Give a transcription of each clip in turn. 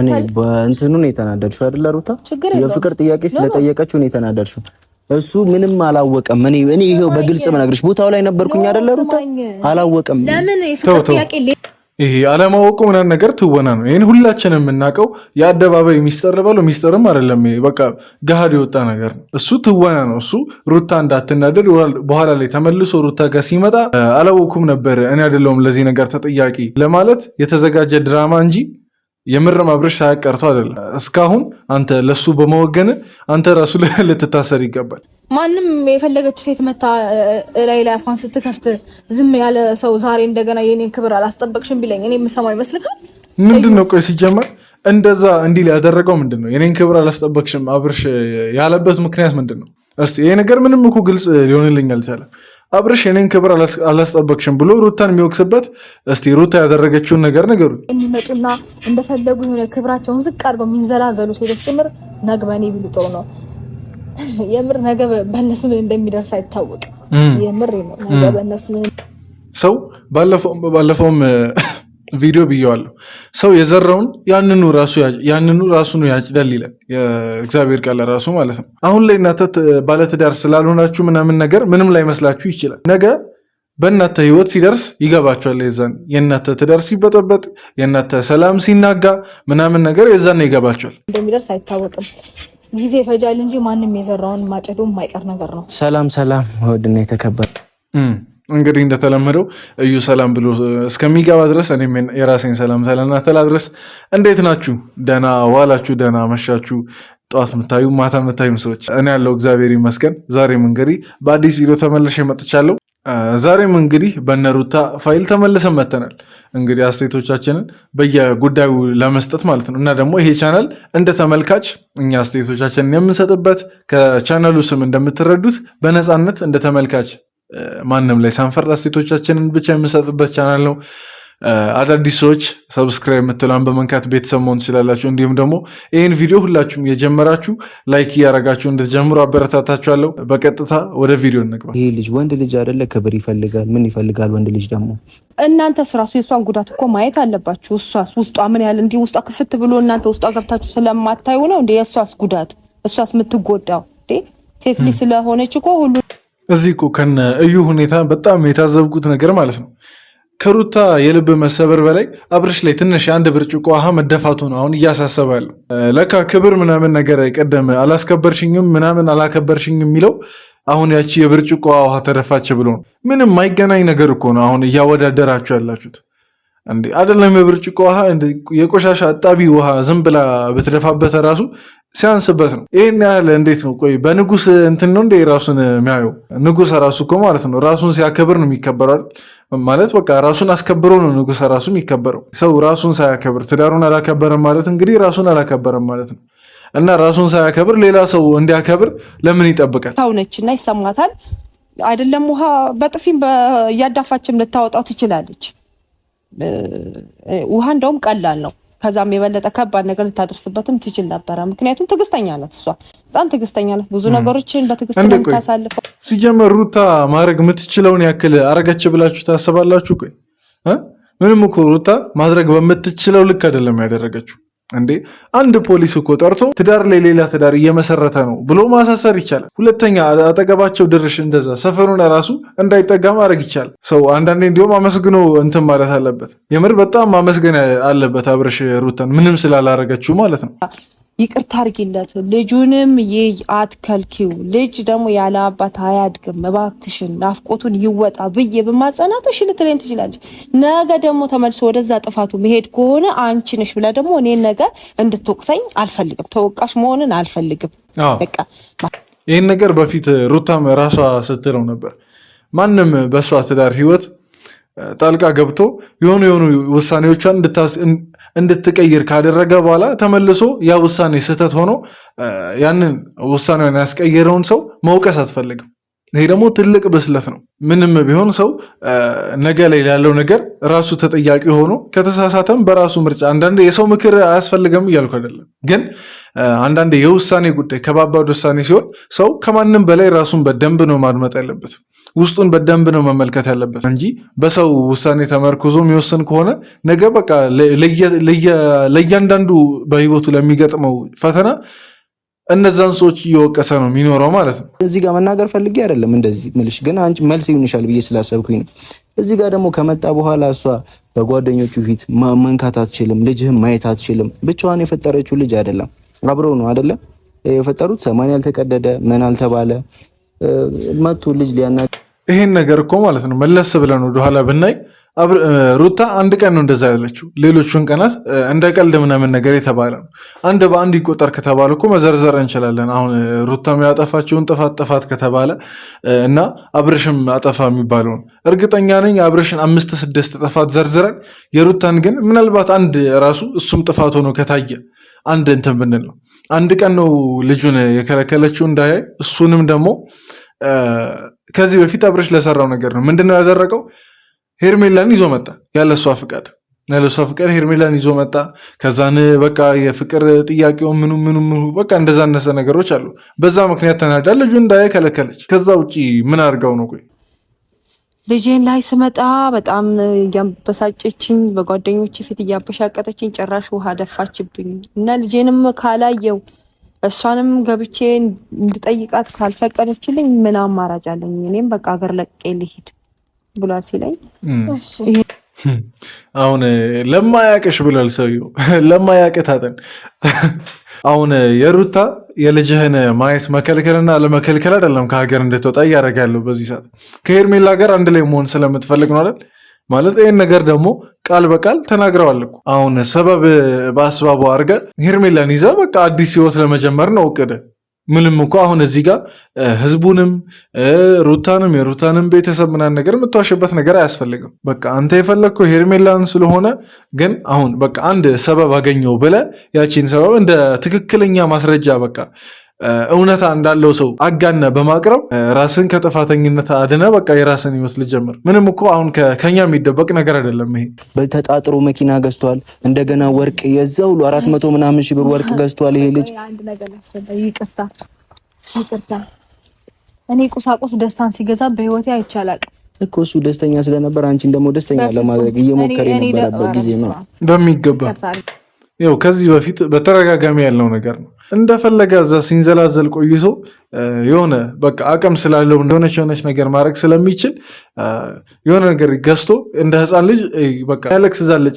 እኔ በእንትኑ ነው የተናደድሽው አይደለ ሩታ? የፍቅር ጥያቄ ስለጠየቀችው ነው የተናደድሽው። እሱ ምንም አላወቀም። እኔ እኔ ይሄው በግልጽ መናገርሽ ቦታው ላይ ነበርኩኝ አይደለ ሩታ? አላወቀም። ለምን ይሄ አለማወቁ ምናምን ነገር ትወና ነው። ይሄን ሁላችንም የምናውቀው የአደባባይ ሚስጥር በለው ሚስጥርም አይደለም። በቃ ገሃድ የወጣ ነገር ነው። እሱ ትወና ነው። እሱ ሩታ እንዳትናደድ በኋላ ላይ ተመልሶ ሩታ ጋር ሲመጣ አላወኩም ነበር እኔ አይደለሁም ለዚህ ነገር ተጠያቂ ለማለት የተዘጋጀ ድራማ እንጂ የምርም አብረሽ ሳያቀርቶ አይደለም። እስካሁን አንተ ለሱ በመወገን አንተ ራሱ ልትታሰር ይገባል። ማንም የፈለገች ሴት መታ ላይ ላይ አፏን ስትከፍት ዝም ያለ ሰው ዛሬ እንደገና የኔን ክብር አላስጠበቅሽም ቢለኝ እኔ የምሰማው ይመስልካል? ምንድን ነው ቆይ ሲጀመር እንደዛ እንዲል ያደረገው ምንድን ነው? የኔን ክብር አላስጠበቅሽም አብርሽ ያለበት ምክንያት ምንድን ነው? እስኪ ይሄ ነገር ምንም እኮ ግልጽ ሊሆንልኝ አልቻለም። አብርሽ የኔን ክብር አላስጠበቅሽም ብሎ ሩታን የሚወቅስበት እስቲ ሩታ ያደረገችውን ነገር ነገሩ የሚመጡና እንደፈለጉ የሆነ ክብራቸውን ዝቅ አድርገው የሚንዘላዘሉ ሴቶች ጭምር ነግበኔ በእኔ ቢሉ ጥሩ ነው። የምር ነገ በእነሱ ምን እንደሚደርስ አይታወቅም። የምር ነው ነገ በእነሱ ምን ሰው ባለፈውም ቪዲዮ ብየዋለሁ። ሰው የዘራውን ያንኑ ራሱ ያንኑ ራሱ ነው ያጭዳል ይላል የእግዚአብሔር ቃል ራሱ ማለት ነው። አሁን ላይ እናንተ ባለትዳር ስላልሆናችሁ ምናምን ነገር ምንም ላይመስላችሁ ይችላል። ነገ በእናንተ ህይወት ሲደርስ ይገባችኋል። የዛን የእናንተ ትዳር ሲበጠበጥ፣ የእናንተ ሰላም ሲናጋ ምናምን ነገር የዛን ይገባችኋል። እንደሚደርስ አይታወቅም። ጊዜ ፈጃል እንጂ ማንም የዘራውን ማጨዱ የማይቀር ነገር ነው። ሰላም ሰላም፣ ወድና የተከበር እንግዲህ እንደተለመደው እዩ ሰላም ብሎ እስከሚገባ ድረስ እኔም የራሴን ሰላም ሳላናተላ ድረስ እንዴት ናችሁ? ደህና ዋላችሁ? ደህና መሻችሁ? ጠዋት የምታዩ ማታ ምታዩም ሰዎች እኔ ያለው እግዚአብሔር ይመስገን። ዛሬም እንግዲህ በአዲስ ቪዲዮ ተመልሼ መጥቻለሁ። ዛሬም እንግዲህ በነሩታ ፋይል ተመልሰን መተናል። እንግዲህ አስተያየቶቻችንን በየጉዳዩ ለመስጠት ማለት ነው እና ደግሞ ይሄ ቻናል እንደ ተመልካች እኛ አስተያየቶቻችንን የምንሰጥበት ከቻናሉ ስም እንደምትረዱት በነፃነት እንደ ተመልካች ማንም ላይ ሳንፈርድ አስቴቶቻችንን ብቻ የምንሰጥበት ቻናል ነው። አዳዲስ ሰዎች ሰብስክራይብ የምትሏን በመንካት ቤተሰብ መሆን ትችላላችሁ። እንዲሁም ደግሞ ይህን ቪዲዮ ሁላችሁም የጀመራችሁ ላይክ እያረጋችሁ እንድትጀምሩ አበረታታችኋለሁ። በቀጥታ ወደ ቪዲዮ እንግባ። ይህ ልጅ ወንድ ልጅ አይደለ? ክብር ይፈልጋል። ምን ይፈልጋል? ወንድ ልጅ ደግሞ እናንተ ስራሱ የእሷን ጉዳት እኮ ማየት አለባችሁ። እሷስ ውስጧ ምን ያህል እንዲህ ውስጧ ክፍት ብሎ እናንተ ውስጧ ገብታችሁ ስለማታዩ ነው እንደ የእሷስ ጉዳት እሷስ የምትጎዳው ሴት ልጅ ስለሆነች እኮ ሁሉ እዚህ እኮ ከነ እዩ ሁኔታ በጣም የታዘብኩት ነገር ማለት ነው ከሩታ የልብ መሰበር በላይ አብርሽ ላይ ትንሽ አንድ ብርጭቆ ውሃ መደፋቱ ነው አሁን እያሳሰባል። ለካ ክብር ምናምን ነገር ቀደም አላስከበርሽኝም ምናምን አላከበርሽኝም የሚለው አሁን ያቺ የብርጭቆ ውሃ ተደፋች ብሎ ነው። ምንም ማይገናኝ ነገር እኮ ነው አሁን እያወዳደራችሁ ያላችሁት። እንዴ አይደለም የብርጭቆ ውሃ የቆሻሻ አጣቢ ውሃ ዝም ብላ ብትደፋበት ራሱ ሲያንስበት ነው። ይህን ያህል እንዴት ነው? ቆይ በንጉስ እንትን ነው እንደ ራሱን የሚያየው? ንጉስ ራሱ እኮ ማለት ነው ራሱን ሲያከብር ነው የሚከበራል ማለት በቃ ራሱን አስከብሮ ነው ንጉስ ራሱ የሚከበረው። ሰው ራሱን ሳያከብር ትዳሩን አላከበረም ማለት እንግዲህ ራሱን አላከበረም ማለት ነው። እና ራሱን ሳያከብር ሌላ ሰው እንዲያከብር ለምን ይጠብቃል? ታውነች እና ይሰማታል አይደለም ውሃ በጥፊም እያዳፋችም ልታወጣው ትችላለች። ውሃ እንደውም ቀላል ነው ከዛም የበለጠ ከባድ ነገር ልታደርስበትም ትችል ነበረ። ምክንያቱም ትግስተኛ ናት፣ እሷ በጣም ትግስተኛ ናት። ብዙ ነገሮችን በትዕግስት የምታሳልፈው። ሲጀመር ሩታ ማድረግ የምትችለውን ያክል አረገች ብላችሁ ታስባላችሁ? ምንም እኮ ሩታ ማድረግ በምትችለው ልክ አይደለም ያደረገችው እንዴ አንድ ፖሊስ እኮ ጠርቶ ትዳር ላይ ሌላ ትዳር እየመሰረተ ነው ብሎ ማሳሰር ይቻላል። ሁለተኛ አጠገባቸው ድርሽ እንደዛ ሰፈሩን ራሱ እንዳይጠጋ ማድረግ ይቻላል። ሰው አንዳንዴ እንዲሁም አመስግኖ እንትን ማለት አለበት። የምር በጣም ማመስገን አለበት አብርሽ ሩተን ምንም ስላላረገችው ማለት ነው። ይቅርታ አርጊለት ልጁንም ይይ አትከልኪው። ልጅ ደግሞ ያለ አባት አያድግም፣ እባክሽን ናፍቆቱን ይወጣ ብዬ ብማጸናት እሺ ልትለኝ ትችላለች። ነገ ደግሞ ተመልሶ ወደዛ ጥፋቱ መሄድ ከሆነ አንቺ ነሽ ብላ ደግሞ እኔን ነገ እንድትወቅሰኝ አልፈልግም፣ ተወቃሽ መሆንን አልፈልግም። ይህን ነገር በፊት ሩታም ራሷ ስትለው ነበር። ማንም በእሷ ትዳር ህይወት ጣልቃ ገብቶ የሆኑ የሆኑ ውሳኔዎቿን እንድትቀይር ካደረገ በኋላ ተመልሶ ያ ውሳኔ ስህተት ሆኖ ያንን ውሳኔውን ያስቀየረውን ሰው መውቀስ አትፈልግም። ይሄ ደግሞ ትልቅ ብስለት ነው። ምንም ቢሆን ሰው ነገ ላይ ላለው ነገር ራሱ ተጠያቂ ሆኖ ከተሳሳተም በራሱ ምርጫ። አንዳንዴ የሰው ምክር አያስፈልገም እያልኩ አይደለም፣ ግን አንዳንዴ የውሳኔ ጉዳይ ከባባድ ውሳኔ ሲሆን ሰው ከማንም በላይ ራሱን በደንብ ነው ማድመጥ ያለበት፣ ውስጡን በደንብ ነው መመልከት ያለበት እንጂ በሰው ውሳኔ ተመርኩዞ የሚወስን ከሆነ ነገ በቃ ለእያንዳንዱ በህይወቱ ለሚገጥመው ፈተና እነዛን ሰዎች እየወቀሰ ነው የሚኖረው ማለት ነው። እዚህ ጋር መናገር ፈልጌ አይደለም እንደዚህ ምልሽ፣ ግን አንቺ መልስ ይሆንሻል ብዬ ስላሰብኩኝ ነው። እዚህ ጋር ደግሞ ከመጣ በኋላ እሷ በጓደኞቹ ፊት መንካት አትችልም፣ ልጅህም ማየት አትችልም። ብቻዋን የፈጠረችው ልጅ አይደለም፣ አብረው ነው አይደለም የፈጠሩት። ሰማን ያልተቀደደ ምን አልተባለ መቶ ልጅ ሊያና ይሄን ነገር እኮ ማለት ነው መለስ ብለን ወደኋላ ብናይ ሩታ አንድ ቀን ነው እንደዛ ያለችው። ሌሎቹን ቀናት እንደ ቀልድ ምናምን ነገር የተባለ ነው። አንድ በአንድ ይቆጠር ከተባለ እኮ መዘርዘር እንችላለን። አሁን ሩታም ያጠፋችውን ጥፋት ጥፋት ከተባለ እና አብርሽም አጠፋ የሚባለውን እርግጠኛ ነኝ አብርሽን አምስት ስድስት ጥፋት ዘርዝረን የሩታን ግን ምናልባት አንድ ራሱ እሱም ጥፋት ሆኖ ከታየ አንድ እንትን ብንል ነው። አንድ ቀን ነው ልጁን የከለከለችው እንዳያይ እሱንም ደግሞ ከዚህ በፊት አብርሽ ለሰራው ነገር ነው ምንድነው ነው ያደረገው ሄርሜላን ይዞ መጣ ያለሷ ፍቃድ ያለሷ ፍቃድ ሄርሜላን ይዞ መጣ። ከዛን በቃ የፍቅር ጥያቄው ምኑ ምኑ ምኑ በቃ እንደዛ ነሰ ነገሮች አሉ። በዛ ምክንያት ተናዳ ልጁ እንዳየ ከለከለች። ከዛ ውጭ ምን አድርጋው ነው? ቆይ ልጄን ላይ ስመጣ በጣም እያበሳጨችኝ፣ በጓደኞች ፊት እያበሻቀጠችኝ፣ ጭራሽ ውሃ ደፋችብኝ እና ልጄንም ካላየው እሷንም ገብቼ እንድጠይቃት ካልፈቀደችልኝ ምን አማራጭ አለኝ? እኔም በቃ አገር ለቄ ልሂድ ብሏል ሲለኝ አሁን ለማያቅሽ ብሏል ሰውየው። ለማያቅ ታጠን አሁን የሩታ የልጅህን ማየት መከልከልና ለመከልከል አይደለም ከሀገር እንድትወጣ ያለው በዚህ ሰዓት ከሄርሜላ ጋር አንድ ላይ መሆን ስለምትፈልግ ነው አይደል? ማለት ይህን ነገር ደግሞ ቃል በቃል ተናግረዋል እኮ። አሁን ሰበብ በአስባቡ አድርገ ሄርሜላን ይዘ በቃ አዲስ ህይወት ለመጀመር ነው እቅድ ምንም እኮ አሁን እዚህ ጋር ህዝቡንም ሩታንም የሩታንም ቤተሰብ ምናምን ነገር የምትዋሽበት ነገር አያስፈልግም። በቃ አንተ የፈለግከው ሄርሜላን ስለሆነ ግን አሁን በቃ አንድ ሰበብ አገኘው ብለህ ያቺን ሰበብ እንደ ትክክለኛ ማስረጃ በቃ እውነታ እንዳለው ሰው አጋነ በማቅረብ ራስን ከጥፋተኝነት አድነ በቃ የራስን ህይወት ጀምር። ምንም እኮ አሁን ከኛ የሚደበቅ ነገር አይደለም። ይሄ በተጣጥሮ መኪና ገዝቷል፣ እንደገና ወርቅ የዛ ሁሉ አራት መቶ ምናምን ብር ወርቅ ገዝቷል። ይሄ ልጅ ይቅርታ ይቅርታ፣ እኔ ቁሳቁስ ደስታን ሲገዛ በህይወቴ አይቻላል እኮ እሱ ደስተኛ ስለነበር አንቺን ደግሞ ደስተኛ ለማድረግ እየሞከረ የነበረበት ጊዜ ነው በሚገባ። ያው ከዚህ በፊት በተደጋጋሚ ያለው ነገር ነው እንደፈለገ እዛ ሲንዘላዘል ቆይቶ የሆነ በቃ አቅም ስላለው የሆነች የሆነች ነገር ማድረግ ስለሚችል የሆነ ነገር ገዝቶ እንደ ህፃን ልጅ በቃ ያለቅስ ዛለች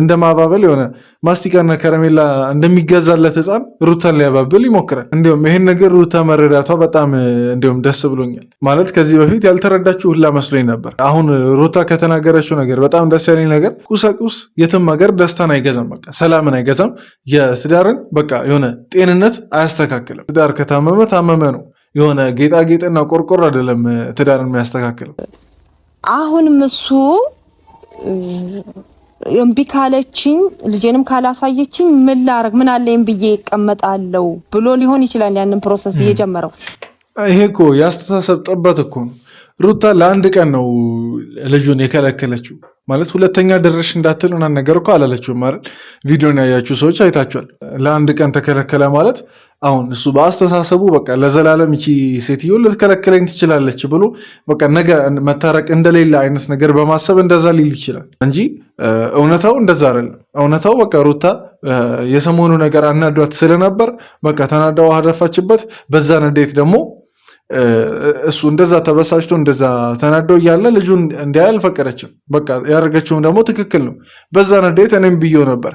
እንደ ማባበል የሆነ ማስቲካና ከረሜላ እንደሚገዛለት ህፃን ሩታን ሊያባብል ይሞክራል። እንዲሁም ይህን ነገር ሩታ መረዳቷ በጣም እንዲሁም ደስ ብሎኛል። ማለት ከዚህ በፊት ያልተረዳችሁ ሁላ መስሎኝ ነበር። አሁን ሩታ ከተናገረችው ነገር በጣም ደስ ያለኝ ነገር ቁሳቁስ የትም ሀገር ደስታን አይገዛም፣ በቃ ሰላምን አይገዛም። የትዳርን በቃ የሆነ ጤንነት አያስተካክልም። ትዳር ከታመመ ታመመ ነው። የሆነ ጌጣጌጥና ቆርቆሮ አይደለም ትዳርን የሚያስተካክለው። አሁንም እሱ እምቢ ካለችኝ ልጄንም ካላሳየችኝ ምን ላረግ ምን አለኝ ብዬ ይቀመጣለው ብሎ ሊሆን ይችላል ያንን ፕሮሰስ እየጀመረው። ይሄ እኮ የአስተሳሰብ ጥበት እኮ ነው። ሩታ ለአንድ ቀን ነው ልጁን የከለከለችው። ማለት ሁለተኛ ደረሽ እንዳትል ምናምን ነገር እኮ አላለችውም አይደል? ቪዲዮን ያያችሁ ሰዎች አይታችኋል። ለአንድ ቀን ተከለከለ ማለት አሁን እሱ በአስተሳሰቡ በቃ ለዘላለም ይቺ ሴትዮ ልትከለክለኝ ትችላለች ብሎ በቃ ነገ መታረቅ እንደሌለ አይነት ነገር በማሰብ እንደዛ ሊል ይችላል እንጂ እውነታው እንደዛ አይደለም። እውነታው በቃ ሩታ የሰሞኑ ነገር አናዷት ስለነበር በቃ ተናዳ ውሃ ደፋችበት። በዛ ንዴት ደግሞ እሱ እንደዛ ተበሳጭቶ እንደዛ ተናዶ እያለ ልጁን እንዲያ አልፈቀደችም። በቃ ያደረገችውም ደግሞ ትክክል ነው። በዛ ንዴት እኔም ብዬው ነበር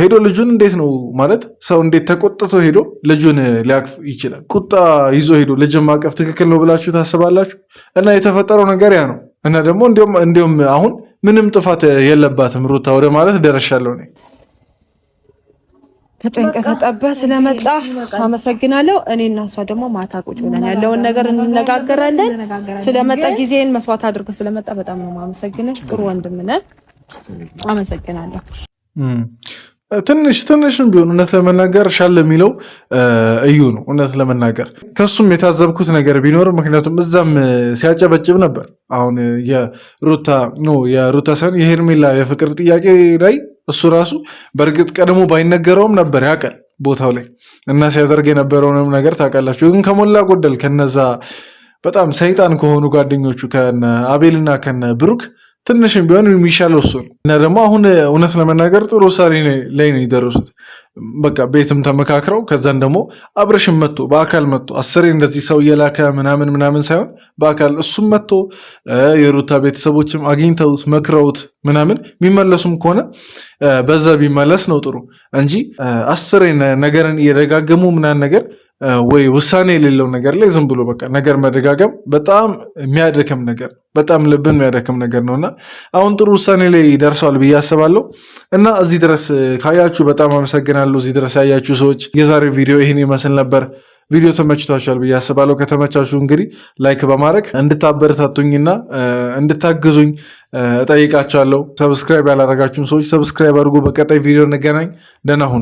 ሄዶ ልጁን እንዴት ነው ማለት ሰው እንዴት ተቆጥቶ ሄዶ ልጁን ሊያቅፍ ይችላል? ቁጣ ይዞ ሄዶ ልጅን ማቀፍ ትክክል ነው ብላችሁ ታስባላችሁ? እና የተፈጠረው ነገር ያ ነው። እና ደግሞ እንዲሁም አሁን ምንም ጥፋት የለባትም ሩታ ወደ ማለት ደረሻለሁ እኔ ተጨንቀ ተጠበ ስለመጣ አመሰግናለሁ። እኔ እና እሷ ደግሞ ማታ ቁጭ ብለን ያለውን ነገር እንነጋገራለን። ስለመጣ ጊዜን መስዋዕት አድርገ ስለመጣ በጣም ነው ማመሰግነች። ጥሩ ወንድም ነህ። አመሰግናለሁ። ትንሽ ትንሽም ቢሆን እውነት ለመናገር ሻል የሚለው እዩ ነው። እውነት ለመናገር ከሱም የታዘብኩት ነገር ቢኖር ምክንያቱም እዛም ሲያጨበጭብ ነበር። አሁን የሩታ ኖ የሩታ ሳይሆን የሄርሜላ የፍቅር ጥያቄ ላይ እሱ ራሱ በእርግጥ ቀድሞ ባይነገረውም ነበር ያቀል ቦታው ላይ እና ሲያደርግ የነበረውንም ነገር ታውቃላችሁ። ግን ከሞላ ጎደል ከነዛ በጣም ሰይጣን ከሆኑ ጓደኞቹ ከነ አቤልና ከነ ብሩክ ትንሽም ቢሆን የሚሻለው እሱ ነው እና ደግሞ አሁን እውነት ለመናገር ጥሩ ውሳኔ ላይ ነው የደረሱት። በቃ ቤትም ተመካክረው ከዛን ደግሞ አብርሽም መጥቶ በአካል መጥቶ አስሬ እንደዚህ ሰው እየላከ ምናምን ምናምን ሳይሆን በአካል እሱም መጥቶ የሩታ ቤተሰቦችም አግኝተውት መክረውት ምናምን የሚመለሱም ከሆነ በዛ ቢመለስ ነው ጥሩ እንጂ አስሬ ነገርን እየደጋገሙ ምናምን ነገር ወይ ውሳኔ የሌለው ነገር ላይ ዝም ብሎ በቃ ነገር መደጋገም በጣም የሚያደክም ነገር በጣም ልብን የሚያደክም ነገር ነው እና አሁን ጥሩ ውሳኔ ላይ ደርሰዋል ብዬ አስባለሁ። እና እዚህ ድረስ ካያችሁ በጣም አመሰግናለሁ። እዚህ ድረስ ያያችሁ ሰዎች የዛሬ ቪዲዮ ይህን ይመስል ነበር። ቪዲዮ ተመችቷችኋል ብዬ አስባለሁ። ከተመቻችሁ እንግዲህ ላይክ በማድረግ እንድታበረታቱኝና እንድታግዙኝ እጠይቃችኋለሁ። ሰብስክራይብ ያላረጋችሁም ሰዎች ሰብስክራይብ አድርጉ። በቀጣይ ቪዲዮ እንገናኝ። ደህና ሁኑ።